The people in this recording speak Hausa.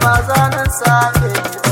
ba zanen safe